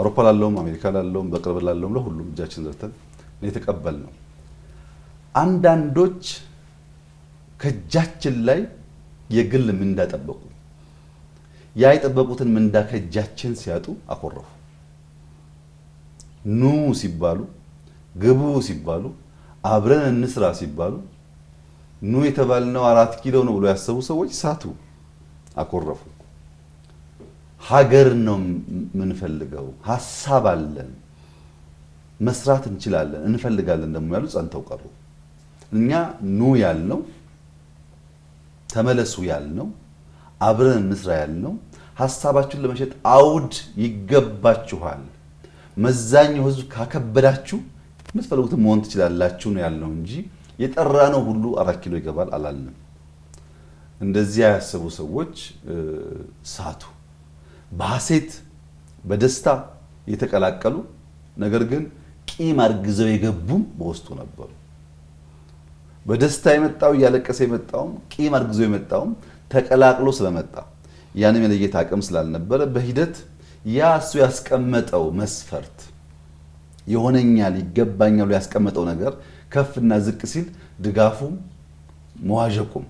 አውሮፓ ላለውም አሜሪካ ላለውም በቅርብ ላለውም ለሁሉም እጃችን ዘርተን የተቀበል ነው። አንዳንዶች ከእጃችን ላይ የግል ምንዳ ጠበቁ። ያ የጠበቁትን ምንዳ ከእጃችን ሲያጡ አኮረፉ። ኑ ሲባሉ፣ ግቡ ሲባሉ፣ አብረን እንስራ ሲባሉ ኑ የተባልነው አራት ኪሎ ነው ብሎ ያሰቡ ሰዎች ሳቱ፣ አኮረፉ። ሀገር ነው የምንፈልገው፣ ሀሳብ አለን፣ መስራት እንችላለን፣ እንፈልጋለን ደግሞ ያሉ ጸንተው ቀሩ። እኛ ኑ ያልነው፣ ተመለሱ ያልነው፣ አብረን እንስራ ያልነው ሀሳባችሁን ለመሸጥ አውድ ይገባችኋል፣ መዛኛው ህዝብ ካከበዳችሁ የምትፈልጉትን መሆን ትችላላችሁ ነው ያልነው እንጂ የጠራ ነው ሁሉ አራት ኪሎ ይገባል አላልንም። እንደዚያ ያሰቡ ሰዎች ሳቱ። በሐሴት በደስታ የተቀላቀሉ ነገር ግን ቂም አርግዘው የገቡም በውስጡ ነበሩ። በደስታ የመጣው እያለቀሰ የመጣውም ቂም አርግዞ የመጣውም ተቀላቅሎ ስለመጣ ያንም የለየት አቅም ስላልነበረ በሂደት ያ እሱ ያስቀመጠው መስፈርት የሆነኛል ይገባኛሉ ያስቀመጠው ነገር ከፍና ዝቅ ሲል ድጋፉም መዋዠቁም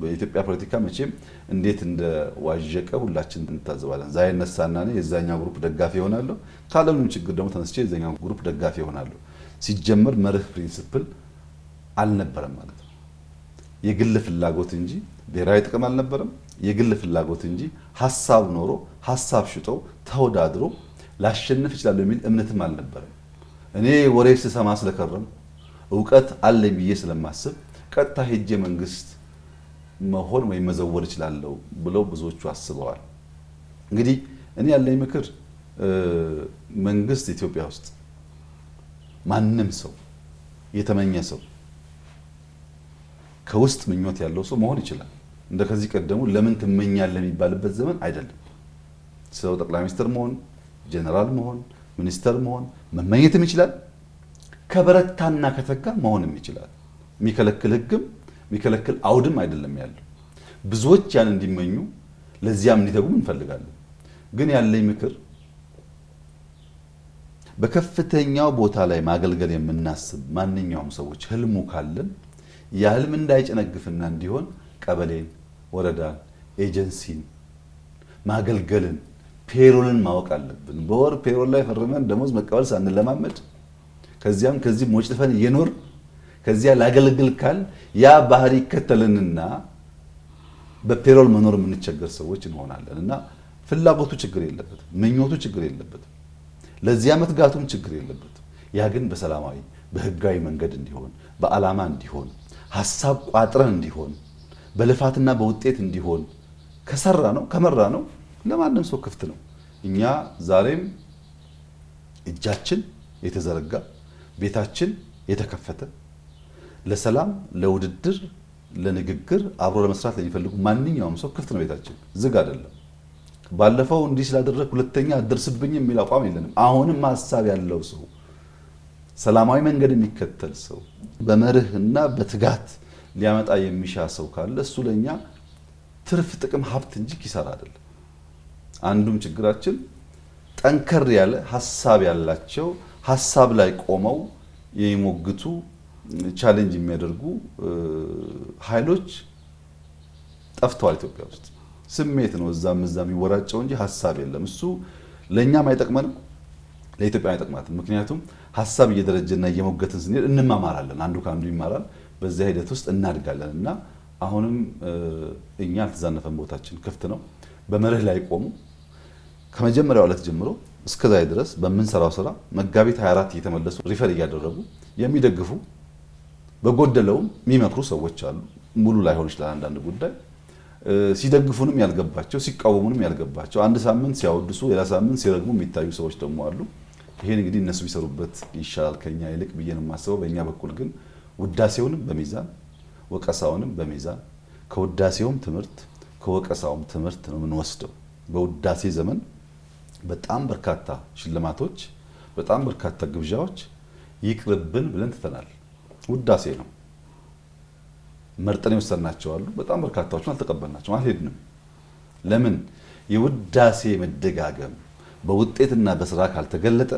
በኢትዮጵያ ፖለቲካ መቼም እንዴት እንደዋዠቀ ሁላችን እንታዘባለን። ዛ እነሳና እኔ የዛኛው ግሩፕ ደጋፊ ይሆናለሁ፣ ካለምንም ችግር ደግሞ ተነስቼ የዛኛው ግሩፕ ደጋፊ ይሆናለሁ። ሲጀመር መርህ ፕሪንስፕል አልነበረም ማለት ነው። የግል ፍላጎት እንጂ ብሔራዊ ጥቅም አልነበረም። የግል ፍላጎት እንጂ ሀሳብ ኖሮ ሀሳብ ሽጦ ተወዳድሮ ላሸንፍ እችላለሁ የሚል እምነትም አልነበረም። እኔ ወሬ ስሰማ ስለከረም እውቀት አለኝ ብዬ ስለማስብ ቀጥታ ሄጄ መንግስት መሆን ወይም መዘወር እችላለሁ ብለው ብዙዎቹ አስበዋል። እንግዲህ እኔ ያለኝ ምክር መንግስት ኢትዮጵያ ውስጥ ማንም ሰው የተመኘ ሰው ከውስጥ ምኞት ያለው ሰው መሆን ይችላል። እንደ ከዚህ ቀደሙ ለምን ትመኛለህ የሚባልበት ዘመን አይደለም። ሰው ጠቅላይ ሚኒስትር መሆን፣ ጀነራል መሆን፣ ሚኒስተር መሆን መመኘትም ይችላል። ከበረታና ከተጋ መሆንም ይችላል። የሚከለክል ህግም የሚከለክል አውድም አይደለም ያለው። ብዙዎች ያን እንዲመኙ ለዚያም እንዲተጉም እንፈልጋለን። ግን ያለኝ ምክር በከፍተኛው ቦታ ላይ ማገልገል የምናስብ ማንኛውም ሰዎች ህልሙ ካለን ያ ህልም እንዳይጨነግፍና እንዲሆን ቀበሌን፣ ወረዳን፣ ኤጀንሲን ማገልገልን ፔሮልን ማወቅ አለብን። በወር ፔሮል ላይ ፈርመን ደሞዝ መቀበል ሳንለማመድ ከዚያም ከዚህ ሞጭ ልፈን እየኖር ከዚያ ላገለግል ካል ያ ባህሪ ይከተልንና በፔሮል መኖር የምንቸገር ሰዎች እንሆናለን። እና ፍላጎቱ ችግር የለበትም፣ ምኞቱ ችግር የለበትም፣ ለዚያ መትጋቱም ችግር የለበትም። ያ ግን በሰላማዊ በህጋዊ መንገድ እንዲሆን በዓላማ እንዲሆን ሀሳብ ቋጥረን እንዲሆን በልፋትና በውጤት እንዲሆን ከሰራ ነው ከመራ ነው ለማንም ሰው ክፍት ነው። እኛ ዛሬም እጃችን የተዘረጋ ቤታችን የተከፈተ ለሰላም፣ ለውድድር፣ ለንግግር አብሮ ለመስራት ለሚፈልጉ ማንኛውም ሰው ክፍት ነው ቤታችን፣ ዝግ አይደለም። ባለፈው እንዲህ ስላደረግ ሁለተኛ አደርስብኝ የሚል አቋም የለንም። አሁንም ሀሳብ ያለው ሰው ሰላማዊ መንገድ የሚከተል ሰው በመርህና በትጋት ሊያመጣ የሚሻ ሰው ካለ እሱ ለእኛ ትርፍ፣ ጥቅም፣ ሀብት እንጂ ኪሳራ አይደለም። አንዱም ችግራችን ጠንከር ያለ ሀሳብ ያላቸው ሀሳብ ላይ ቆመው የሚሞግቱ ቻሌንጅ የሚያደርጉ ኃይሎች ጠፍተዋል ኢትዮጵያ ውስጥ። ስሜት ነው እዛም እዛ የሚወራጨው እንጂ ሀሳብ የለም። እሱ ለእኛም አይጠቅመንም፣ ለኢትዮጵያ አይጠቅማትም። ምክንያቱም ሀሳብ እየደረጀና እየሞገትን ስንሄድ እንማማራለን፣ አንዱ ከአንዱ ይማራል። በዚያ ሂደት ውስጥ እናድጋለን እና አሁንም እኛ አልተዛነፈን፣ ቦታችን ክፍት ነው። በመርህ ላይ ቆሙ። ከመጀመሪያው ዕለት ጀምሮ እስከዛ ድረስ በምንሰራው ስራ መጋቢት 24 እየተመለሱ ሪፈር እያደረጉ የሚደግፉ በጎደለውም የሚመክሩ ሰዎች አሉ። ሙሉ ላይሆን ይችላል አንዳንድ ጉዳይ ሲደግፉንም ያልገባቸው ሲቃወሙንም ያልገባቸው አንድ ሳምንት ሲያወድሱ ሌላ ሳምንት ሲረግሙ የሚታዩ ሰዎች ደግሞ አሉ። ይሄን እንግዲህ እነሱ ቢሰሩበት ይሻላል ከኛ ይልቅ ብዬ ነው የማስበው። በእኛ በኩል ግን ውዳሴውንም በሚዛን ወቀሳውንም በሚዛን ከውዳሴውም ትምህርት ከወቀሳውም ትምህርት ነው የምንወስደው። በውዳሴ ዘመን በጣም በርካታ ሽልማቶች፣ በጣም በርካታ ግብዣዎች ይቅርብን ብለን ትተናል። ውዳሴ ነው። መርጠን የወሰናቸው አሉ። በጣም በርካታዎችን አልተቀበልናቸውም፣ አልሄድንም። ለምን? የውዳሴ መደጋገም በውጤትና በስራ ካልተገለጠ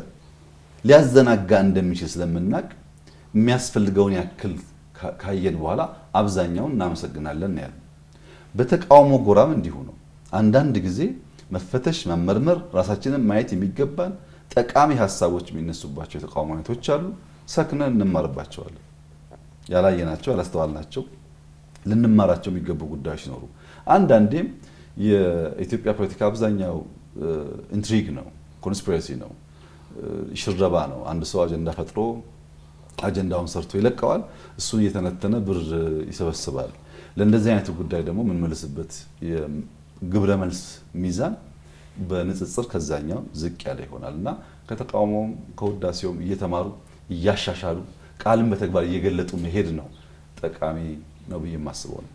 ሊያዘናጋ እንደሚችል ስለምናቅ የሚያስፈልገውን ያክል ካየን በኋላ አብዛኛውን እናመሰግናለን ያለ። በተቃውሞ ጎራም እንዲሁ ነው። አንዳንድ ጊዜ መፈተሽ፣ መመርመር፣ ራሳችንን ማየት የሚገባን ጠቃሚ ሀሳቦች የሚነሱባቸው የተቃውሞ አይነቶች አሉ። ሰክነን እንማርባቸዋለን። ያላየናቸው ያላስተዋልናቸው ልንማራቸው የሚገቡ ጉዳዮች ሲኖሩ አንዳንዴም የኢትዮጵያ ፖለቲካ አብዛኛው ኢንትሪግ ነው፣ ኮንስፒሬሲ ነው፣ ሽረባ ነው። አንድ ሰው አጀንዳ ፈጥሮ አጀንዳውን ሰርቶ ይለቀዋል። እሱን እየተነተነ ብር ይሰበስባል። ለእንደዚህ አይነቱ ጉዳይ ደግሞ የምንመልስበት የግብረ መልስ ሚዛን በንጽጽር ከዛኛው ዝቅ ያለ ይሆናል እና ከተቃውሞም ከውዳሴውም እየተማሩ እያሻሻሉ ቃልን በተግባር እየገለጡ መሄድ ነው ጠቃሚ ነው ብዬ የማስበው ነው።